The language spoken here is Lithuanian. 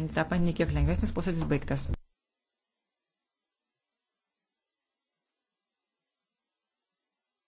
Etapa ne kiek lengvesnis posėdis baigtas.